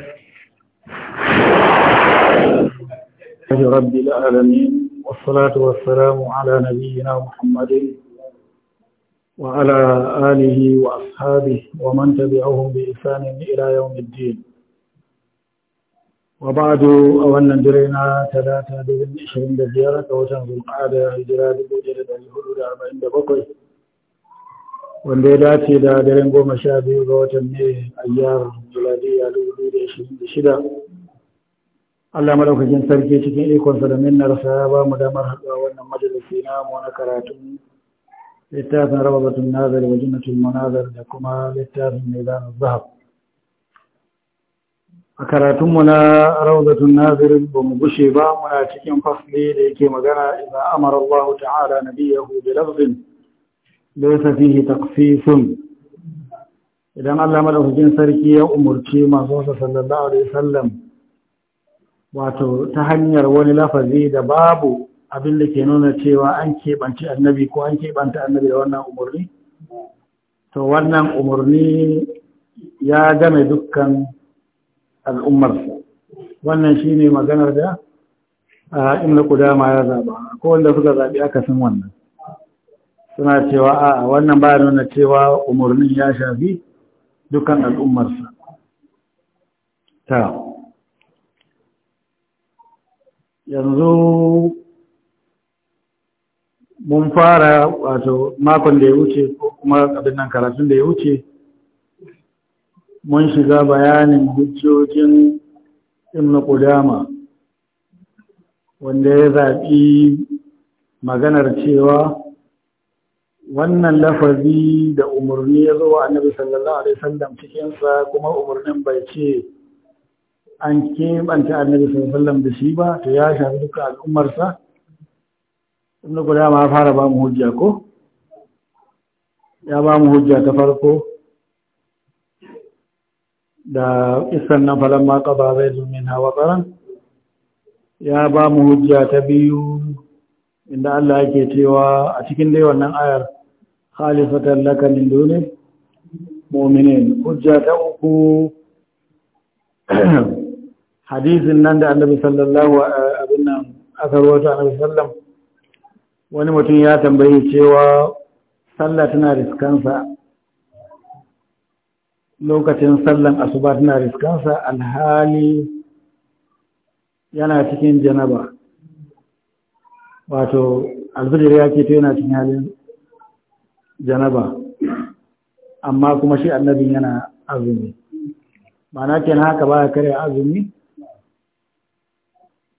الله رب العالمين والصلاة والسلام على نبينا محمد وعلى آله وأصحابه ومن تبعهم بإحسان إلى يوم الدين وبعد أولا جرينا ثلاثة دين عشرين دزيارة وتنزل القعدة هجرة بوجرة الهدود أربعين دقوقي wanda ya دا da daren goma sha biyu ga Shida Allah malaukakin sarki cikin ikonsa da rasa ya ba mu damar haɗuwa wannan majalisi mu na karatun littafin raba batun nazar wa jinnatul munazar da kuma littafin zanar zahab a karatunmu na rawdatun nazir ba mu gushe ba muna cikin fasli da yake magana idan amara Allah ta'ala nabiyahu bi lafzin laysa fihi taqsisun idan Allah madaukakin sarki ya umurci masu wasa sallallahu alaihi wasallam wato ta hanyar wani lafazi da babu abin da ke nuna cewa an keɓanci annabi ko an keɓanta annabi da wannan umarni to wannan umarni ya game dukkan al'ummarsa wannan shine maganar da na kudama ya zaba ko wanda suka zaɓi akasin wannan suna cewa a wannan ba nuna cewa umarnin ya shafi dukan al'ummarsa ta yanzu mun fara wato makon da ya wuce ko kuma abin nan karatun da ya wuce mun shiga bayanin hujjojin ibn qudama wanda ya zaɓi maganar cewa wannan lafazi da umarni ya zo wa annabi sallallahu alaihi wasallam cikinsa kuma umarnin bai ce an keɓanta annabi sallallahu alaihi da shi ba to ya shafi duka al'ummarsa inda guda ma fara ba mu hujja ko ya ba mu hujja ta farko da isan na falon ma ƙaba zai zumin hawa tsaron ya ba mu hujja ta biyu inda Allah yake cewa a cikin dai wannan ayar خالصة لك من دون المؤمنين حجة أكو حديث النند النبي صلى الله عليه أثر وجه النبي صلى الله عليه wani mutum ya tambayi cewa sallah tana riskansa lokacin sallan asuba tana riskansa alhali yana cikin janaba wato alfijir ya ke to yana cikin halin janaba amma kuma shi annabin yana azumi ma'ana na haka baya karya azumi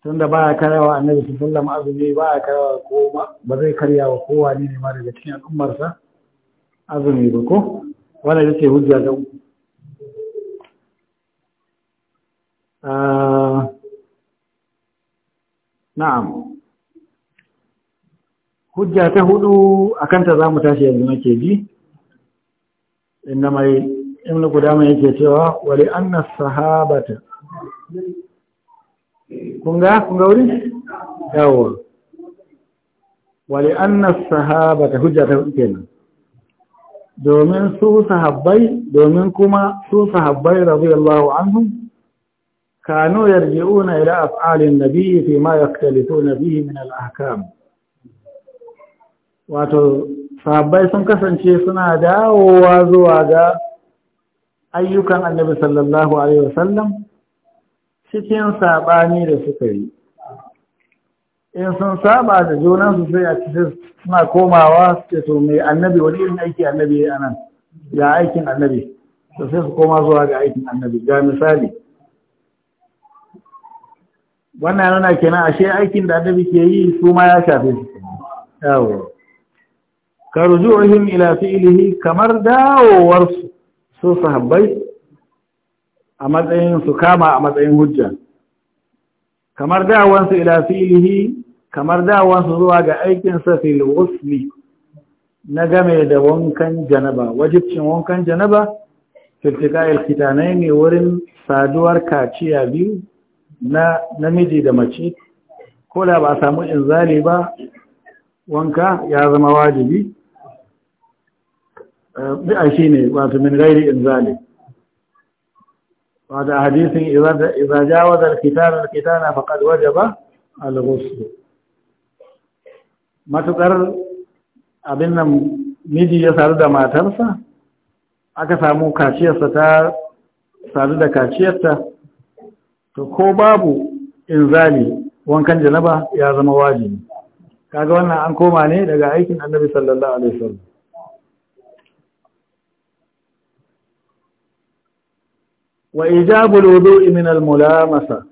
tunda baya karyawa annabi sallallahu alaihi azumi baya karyawa kowa ba zai karyawa kowa ne ne ma daga cikin al'ummarsa azumi ba ko wannan yace hujja da ah, na'am hujja ta hudu a kanta za tashi yanzu nake ji inna mai imna gudama yake cewa wali anna sahabata kunga kunga wuri yawo wali anna sahabata hujja ta hudu kenan domin su sahabbai domin kuma su sahabbai radiyallahu anhum kanu yarji'una ila af'alin nabiyyi fi ma yaktalifuna bihi min al-ahkam wato sahabbai sun kasance suna dawowa zuwa ga ayyukan annabi sallallahu alaihi wasallam cikin saɓani da suka yi in sun saba da junansu sai a cikin suna komawa su to mai annabi wani irin aiki annabi ya nan ga aikin annabi to sai su koma zuwa ga aikin annabi ga misali wannan nuna kenan ashe aikin da annabi ke yi su ma ya shafe su yawo ka rujuhum ila fi'lihi kamar dawowar su sahabbai a matsayin su kama a matsayin hujja kamar dawowar su ila fi'lihi kamar dawowar zuwa ga aikin sa fil na game da wankan janaba wajibcin wankan janaba filtika ilkitanai ne wurin saduwar kaciya biyu na namiji da mace ko da ba a samu inzali ba wanka ya zama wajibi bi'a shi ne wato min gairi zali. wato hadisin idza jawaza al-qital al-qitala faqad wajaba al-ghusl Matuƙar abin nan miji ya sadu da matarsa aka samu kaciyarsa ta sadu da kaciyarta to ko babu in zali wankan janaba ya zama wajibi kaga wannan an koma ne daga aikin annabi sallallahu alaihi wasallam wa ijabul wudu'i min al-mulamasa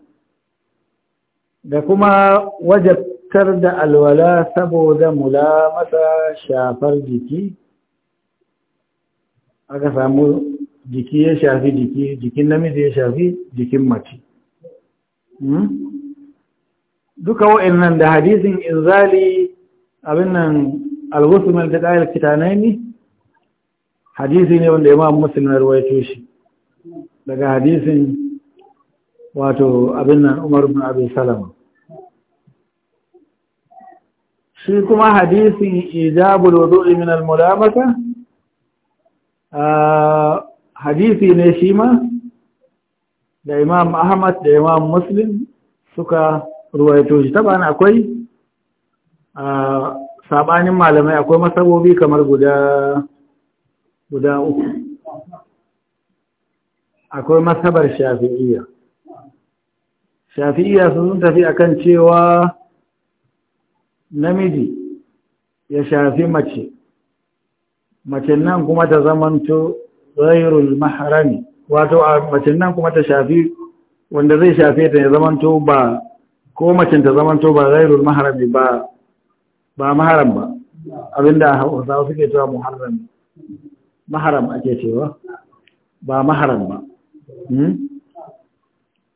da kuma wajabtar da alwala saboda mulamasa shafar jiki aka samu jiki ya shafi jiki jikin namiji ya shafi jikin mace hmm? duka wa'annan da hadisin inzali abin nan alwusu mai da ɗayar kitanai ne hadisi ne wanda imam muslim ya ruwaito shi daga hadisin wato abin nan Umar bin Abi Salama shi kuma hadisin ijabul wudu'i min al-mulamasa hadisi ne shi ma da Imam Ahmad da Imam Muslim suka ruwaito shi bana akwai sabanin malamai akwai masabobi kamar guda uku akwai masabar shafi'iyya shafi'iyya sun tafi akan cewa namiji ya shafi mace mace nan kuma ta zamanto zairul maharami wato a mace nan kuma ta shafi wanda zai shafi ta ya zamanto ba ko macen ta zamanto ba zairul maharami ba ba maharam ba abinda hausawa suke cewa muharram maharam ake cewa ba maharam ba Hmm?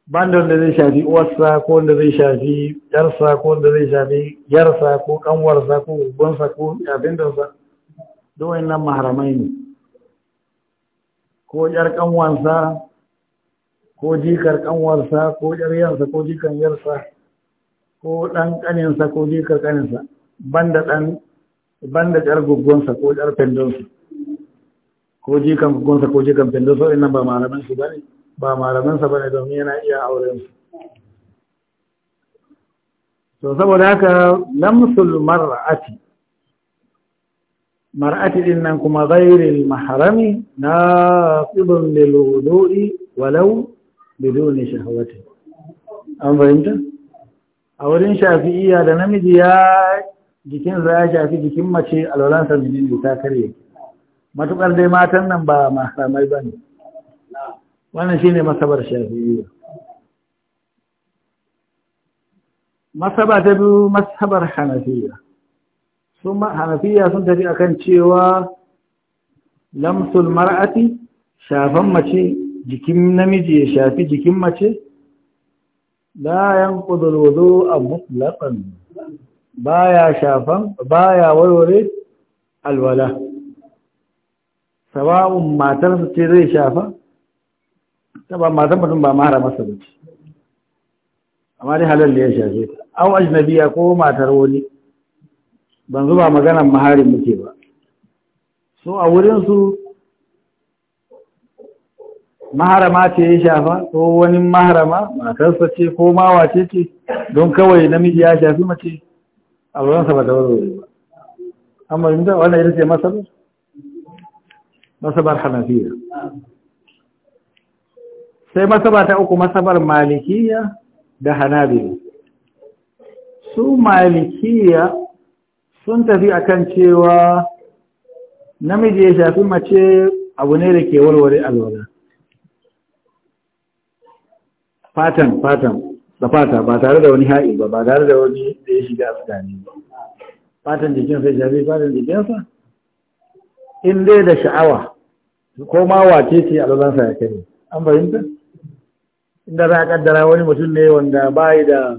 ban da wanda zai shafi uwarsa ko wanda zai shafi yarsa ko wanda zai shafi yarsa ko kanwarsa ko ubansa ko abindansa duk nan maharamai ne ko yar kanwarsa ko jikar kanwarsa ko yar yarsa ko jikan yarsa ko ɗan ƙaninsa ko jikar ƙaninsa banda ɗan banda yar guggonsa ko ƴar pendonsa ko jikan gunsa ko jikan fendo so nan ba malamin su bane ba malamin sa bane domin yana iya auren su to saboda haka lamsul mar'ati mar'ati din nan kuma ghairil mahrami naqibun lil wudu'i walau bidun shahwati an fahimta a wurin shafi'iyya da namiji ya jikin za ya shafi jikin mace alwalansa mijin ta karye matuƙar dai matan nan ba mahramai ba ne wannan shi ne masabar shafi'iyya masaba ta biyu masabar hanafiya sun hanafiya sun tafi akan cewa lamsul mar'ati shafan mace jikin namiji ya shafi jikin mace la yanqudul wudu'a mutlaqan baya shafan baya warware alwala sawa'un matarsa ce zai shafa ta ba matan mutum ba mara masa ba amma dai halal ya shafe ta au ajnabiya ko matar wani ban zuba maganar maharin muke ba so a wurinsu maharama ce ya shafa ko wani maharama matarsa ce ko mawace ce don kawai namiji ya shafi mace a wurinsa ba ta warware ba amma yin da wannan ita ce masarar masabar hanafiya sai masaba ta uku masabar malikiya da hanabila su malikiya sun tafi akan cewa namiji ya shafi mace abu ne da ke warware alwala fatan fatan da fata ba tare da wani ha'i ba ba tare da wani da ya shiga tsakani ba fatan jikin sai shafi fatan jikinsa in dai da sha'awa ko ma wace ce lalansa ya kare an fahimta inda za a kaddara wani mutum ne wanda bayi da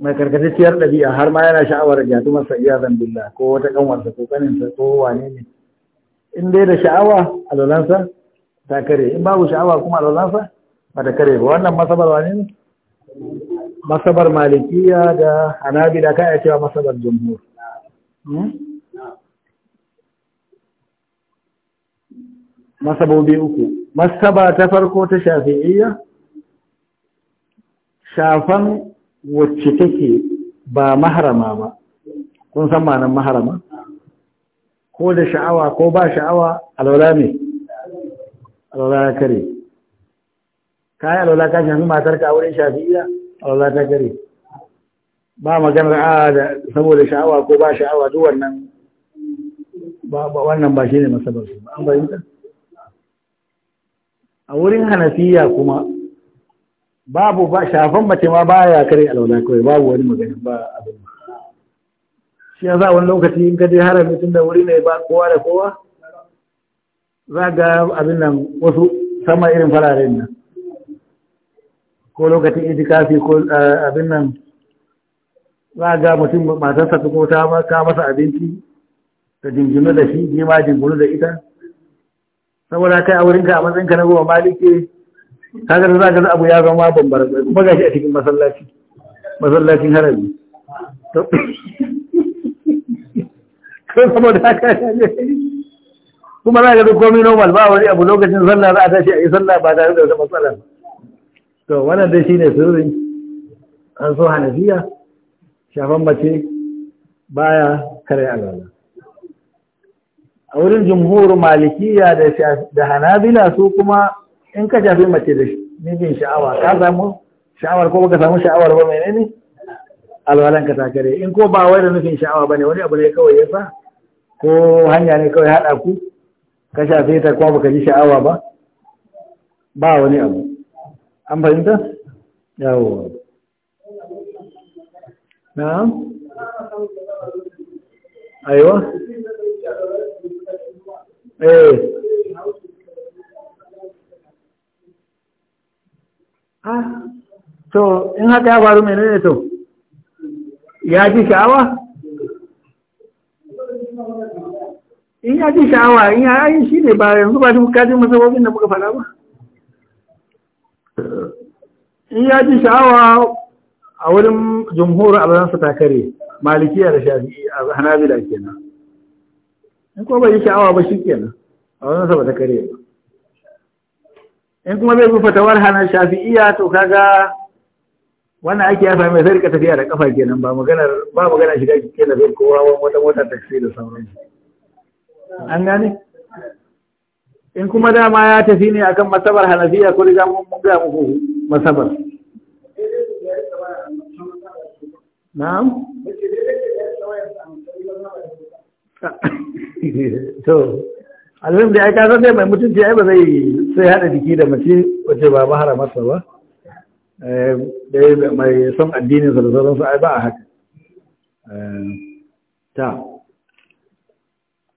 mai karkatacciyar ɗabi'a har ma yana sha'awar jatumarsa iya zambilla ko wata ƙanwarsa ko ƙaninsa ko wane ne in dai da sha'awa lalansa ta kare in babu sha'awa kuma lalansa ba ta kare ba wannan masabar wane ne masabar malikiya da da ka iya cewa masabar jumhur hmm? masabobi uku masaba ta farko ta shafi'iyya shafan wacce take ba maharama ba kun san ma'anar maharama ko da sha'awa ko ba sha'awa alwala ne alwala ya kare kayan alwala ka shafi matar ka wurin shafi'iyya alwala ta kare ba maganar a da saboda sha'awa ko ba sha'awa duk wannan ba wannan ba shi ne masabar su an bayyanta a wurin hanafiya kuma babu ba shafan mace ma ba ya kare alwala kawai babu wani magana ba abin shi ya za wani lokaci in ka je harami tun da wuri ne ba kowa da kowa za ga abin nan wasu sama irin fararen nan ko lokacin itikafi ko abin nan za ga mutum matarsa ta ko ta masa abinci ta jingino da shi ma da ita saboda kai a wurinka a matsayinka na goma maliki kaga da zaka abu ya zama bambara kuma gashi a cikin masallaci masallacin harabi. to kuma da ne kuma za ka ga komai normal ba wani abu lokacin sallah za a tashi a yi sallah ba tare da wata matsala to wannan dai shine sirri an so hanafiya shafan mace baya kare alwala a wurin jumhur malikiya da hanabila su kuma in ka shafi mace da mijin sha'awa ka samu sha'awar ko baka samu sha'awar ba mai ne alwalan ka kare in ko ba wai da nufin sha'awa bane wani abu ne kawai yasa ko hanya ne kawai hada ku ka shafe ta kuma baka ji sha'awa ba ba wani abu an fahimta yawo na'am aiwa eh ah to in haka ya faru menene to ya ji sha'awa in ya ji sha'awa in ya yi shi ne ba yanzu ba duk kajin masababin da muka fara ba in ya ji sha'awa a wurin jumhur a ta kare malikiya da shafi'i a hanabila kenan in kuma bai yi sha'awa ba shi kenan a wannan saboda ba ta kare ba in kuma bai bi tawar hana shafi'iya to kaga wannan ake yafa mai sai tafiya da kafa kenan ba maganar ba maganar shiga kenan zai kowa wata mota taxi da sauran an gane in kuma dama ya tafi ne akan masabar hanafiya ko riga mun ga muku masabar na'am to alhamdulillah da ya kasar dai mai mutunci yi ba zai sai haɗa jiki da mace wace ba ba masa ba eh, dai mai son addinin sa da sauransu ai ba a haka eh, ta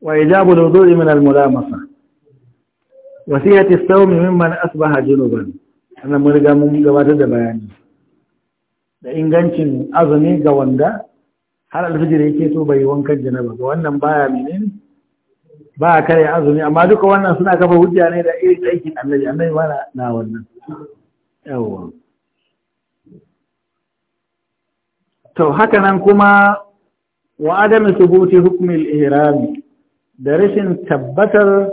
wa ijabu da zuwa min al-mulamasa wasiyati as-sawm mimman asbaha junuban annan mun riga mun gabatar da bayani da ingancin azumi ga wanda har alfijir yake so bai wankan janaba ga wannan baya menene ba a kare azumi amma duka wannan suna kafa hujja ne da irin aikin annabi annabi ma na wannan Yawon. to haka nan kuma wa adam thubuti hukmi al ihram da rashin tabbatar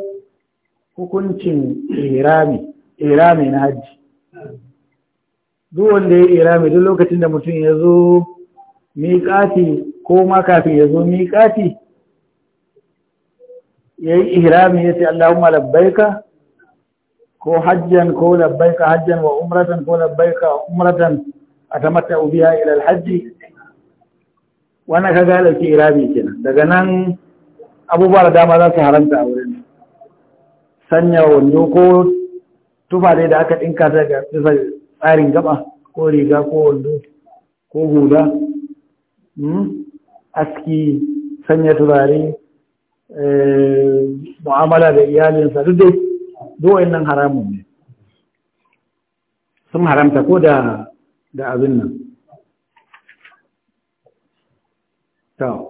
hukuncin ihrami ihrami na haji duk wanda ya ihrami duk lokacin da mutum ya zo miƙati ko ma kafin ya zo miƙati yayi ihrami yace Allahumma labbaika ko hajjan ko labbaika hajjan wa umratan ko labbaika umratan atamatta ubiya ila alhajj wannan kaga ke ihrami kenan daga nan abubuwa da dama za su haramta a wurin sanya wando ko tufa dai da aka dinka daga bisa tsarin gaba ko riga ko wando ko hula hmm? aski sanya turare Eh, mu'amala da iyalinsa duk dai duwayen nan haramun ne sun haramta ko da abin nan to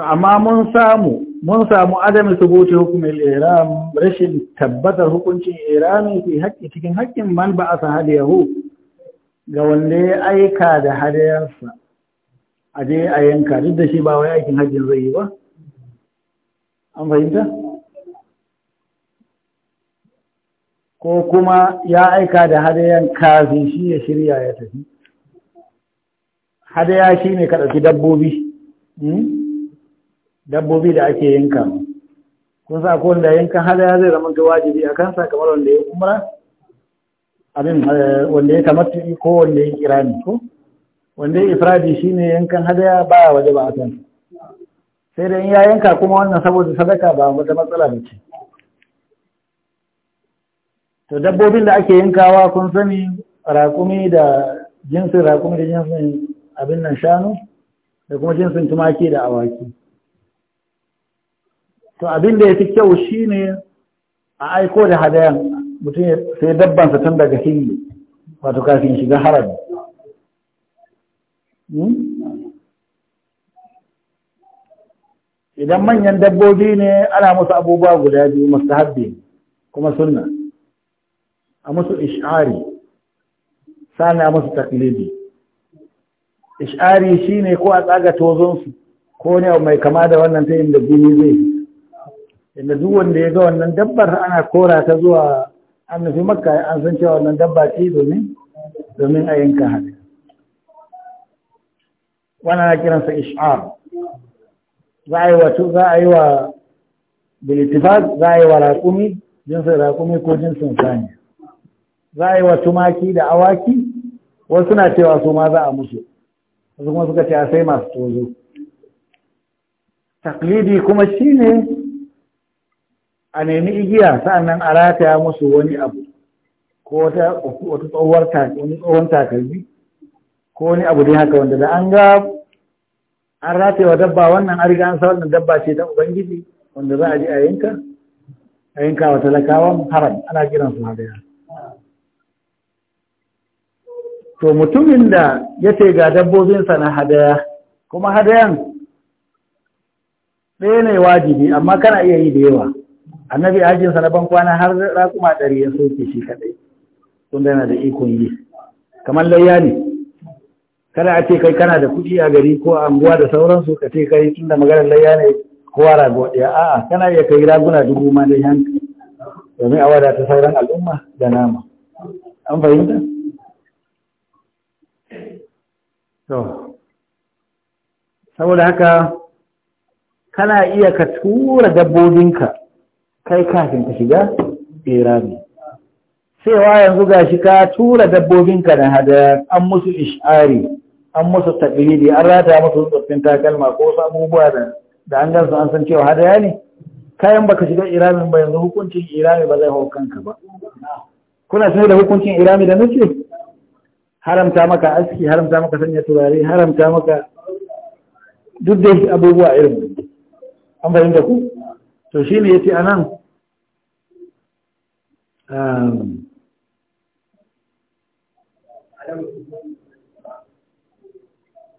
amma mun samu mun samu bote subuti hukumin iram rashin tabbatar hukuncin irami fi haƙƙi cikin haƙƙin man ba a sa hadiyahu ga wanda ya aika da hadayarsa a je a yanka duk da shi ba wai aikin hajji zai yi ba an fahimta ko kuma ya aika da hadayan kafin shi ya shirya ya tafi hadaya shi ne ka ɗauki dabbobi hmm? dabbobi da ake yanka kun sa ko wanda yankan hadaya zai zama wajibi a kansa kamar wanda ya umra abin eh, wanda ya kamata ko wanda ya ne ko wanda ifradi ne yankan hadaya a waje ba akan sai da in ya yanka kuma wannan saboda sadaka ba wata matsala ba ce to dabbobin da ake yankawa kun sani raƙumi da jinsin rakumi da jinsin abin nan shanu da kuma jinsin tumaki da awaki to abin da ya fi kyau shi ne a aiko da hadayan mutum sai dabbansa tun daga hindi wato kafin shiga harabi Hmm? idan manyan dabbobi ne ana musu abubuwa guda biyu masu mustahabbi kuma suna a musu ish'ari sani a musu taklidi ish'ari ne ko a tsaga tozonsu ko ne mai kama da wannan ta inda gini zai inda duk wanda ya ga wannan dabbar ana kora ta zuwa an nufi makka an san cewa wannan dabba ce domin a yanka haɗe. wannan na kiransa ish'ar za a yi wa za a yi wa bilitifat za a yi wa raƙumi jinsin raƙumi ko jinsin sani za a yi wa tumaki da awaki wasu na cewa su ma za a musu wasu kuma suka ce a sai masu tozo taklidi kuma shi ne a nemi igiya sa'annan a rataya musu wani abu ko wata tsohuwar tsohon takalmi ko wani abu dai haka wanda da an ga an ratewa dabba wannan an riga an sa wannan dabba ce ta ubangiji wanda za a je a yanka a yanka wa talakawan haram ana kiran su hadaya to mutumin da ya ce ga dabbobinsa na hadaya kuma hadayan ɗaya ne wajibi amma kana iya yi da yawa annabi ajinsa na ban kwana har raƙuma ɗari ya soke shi kaɗai tun yana da ikon yi kamar layya ne kada a ce kai kana da kuɗi a gari ko a anguwa da sauransu ka ce kai tun da maganar layya ne kowa rago ɗaya a'a kana iya kai raguna dubu ma da yanka domin a wadata sauran al'umma da nama an fahimta? to saboda haka kana iya ka tura dabbobinka kai kafin ka shiga Sai wa yanzu gashi ka tura dabbobinka da hadayar an musu ish'ari an musu taklidi an rata musu tsoffin takalma ko wasu abubuwa da da an gansu an san cewa hadaya ne kayan baka shiga iramin ba yanzu hukuncin irami ba zai hau kanka ba kuna sanar da hukuncin irami da nake haramta maka aski haramta maka sanya turare haramta maka duk da abubuwa irin an fahimta ku to shine yace anan um,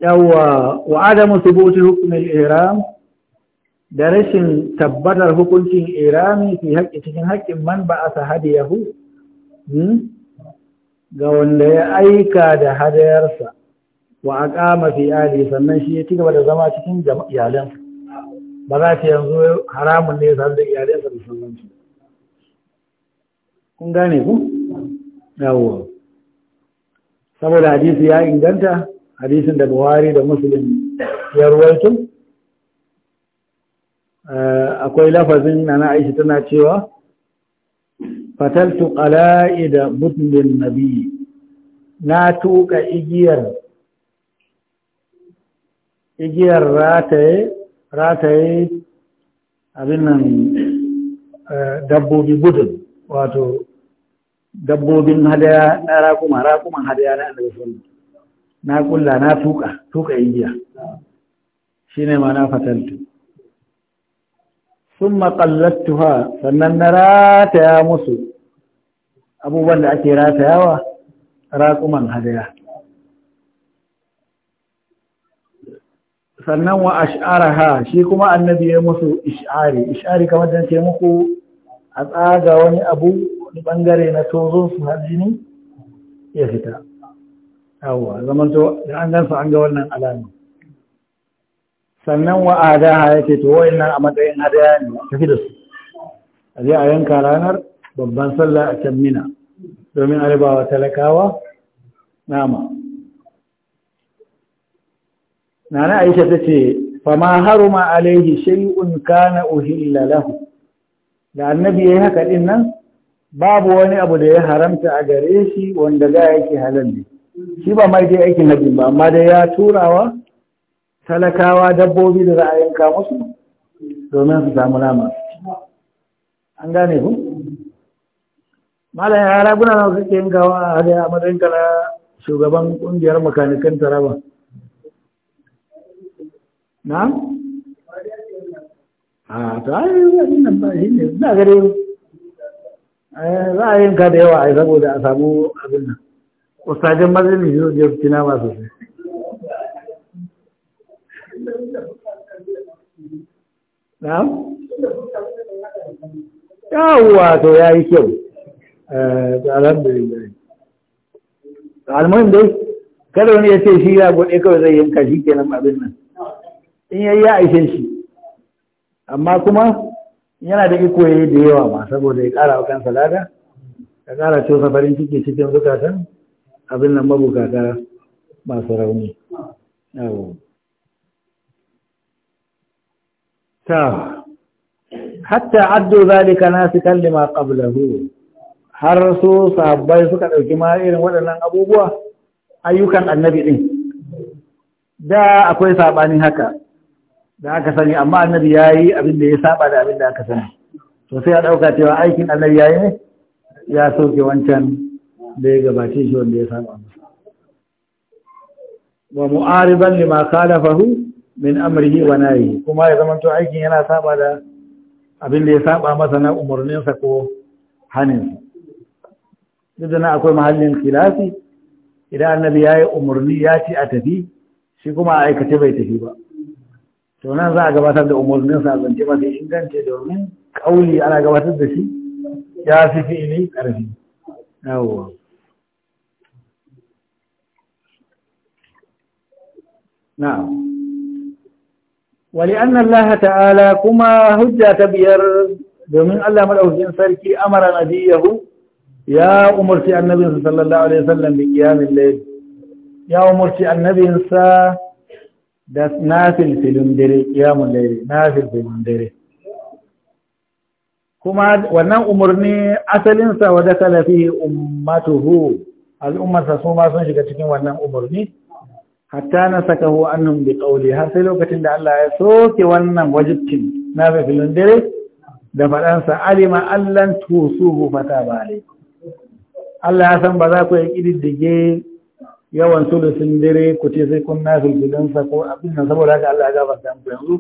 yawa wa adamu thubuti hukm al-ihram da rashin tabbatar hukuncin irami fi haƙƙi cikin haƙƙin man ba a hadiyahu hmm, ga wanda ya aika da hadayarsa wa aqama fi ali sannan shi ya ci gaba da zama cikin iyalan ba za ta yanzu haramun ne zan da iyalansa da sauran su kun gane ku yawo saboda hadisi ya inganta hadisin da buhari da muslim ya ruwaito eh, akwai lafazin na na aisha tana cewa fataltu qala'ida butnin nabi na tuka igiyar igiyar rataye rataye abin nan eh, dabbobi gudun wato dabbobin hadaya na rakuma rakuman hadaya na annabi sallallahu na kulla na tuka tuka igiya shine ma na Sun summa qallattuha sannan na rataya musu abubuwan da ake ratayawa raƙuman hadaya sannan wa ha shi kuma annabi ya musu ish'ari ish'ari kamar da ce muku a tsaga wani abu wani bangare na tozo su jini ya fita yawa zamanto da an gansu an ga wannan alamu sannan wa'ada ha yake to nan a matsayin hadaya ne tafi da su a je a yanka ranar babban sallah a can mina domin a talakawa nama nana aisha ta ce fama haruma alaihi shay'un kana uhilla lahu da annabi yayi haka din nan babu wani abu da ya haramta a gare shi wanda ga yake halal ne shi ba mai dai aikin hajji ba amma dai ya turawa talakawa dabbobi da za a yanka musu domin su samu nama an gane ku malam ya guna na kake gawa a hajji a matsayin na shugaban kungiyar makanikan taraba na? a ta yi nan ba shi ne eh, za a yanka da yawa a saboda a samu abin nan Ustazin mazalin yau ya fi na masu su yawwa to ya yi kyau eh, alhamdulillah almuhim dai kada wani ya ce shi ya gode kawai zai yanka shi kenan abin nan in yayi ya aishe shi amma kuma yana da iko yayi da yawa ma saboda ya kara wa kansa lada ya kara cewa farin ciki cikin zukatan abin nan mabukata masu rauni ta hatta addu zalika nasikan lima qablahu har su sabai suka ɗauki ma irin waɗannan abubuwa ayyukan annabi ɗin da akwai saɓanin haka da aka sani amma annabi yayi abin da ya saɓa da abin da aka sani Sosai sai a ɗauka cewa aikin annabi ya yi ne ya soke wancan da ya gabace shi wanda ya saba masa wa mu'ariban lima khalafahu min amrihi wa nahyi kuma ya zama to aikin yana saba da abin da ya saba masa na umarninsa ko haninsa duk da na akwai mahallin khilafi idan annabi ya yi umarni ya ce a tafi shi kuma a aikace bai tafi ba to nan za a gabatar da umarninsa a zance ba sai ingance domin kauli ana gabatar da shi ya fi fi'ili ƙarfi yawwa na'am ولأن ta'ala kuma hujja ta biyar, domin Allah madaukakin sarki amara nabiyahu ya umarci annabinsa sallallahu alaihi wasallam bi qiyamil layl ya umarci annabinsa da nafil filin dare qiyamul layl nafil filin dare kuma wannan umarni asalin sa wa dakala fihi ummatuhu al'ummarsa su ma sun shiga cikin wannan umarni hatta na saka hu annun bi qawli har sai lokacin da Allah ya soke wannan wajibcin na filin dare da faɗansa alima allan tusuhu fata ba Allah ya san ba za ku yi ƙididdige yawan sulusin dare ku ce sai kun nafi gidansa ko abin nan saboda haka Allah ya gafarta muku yanzu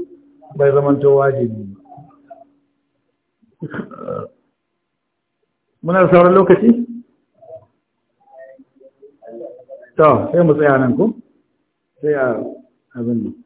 bai zamanto wajibi ba muna da sauran lokaci to sai mu tsaya nan ku sai a abin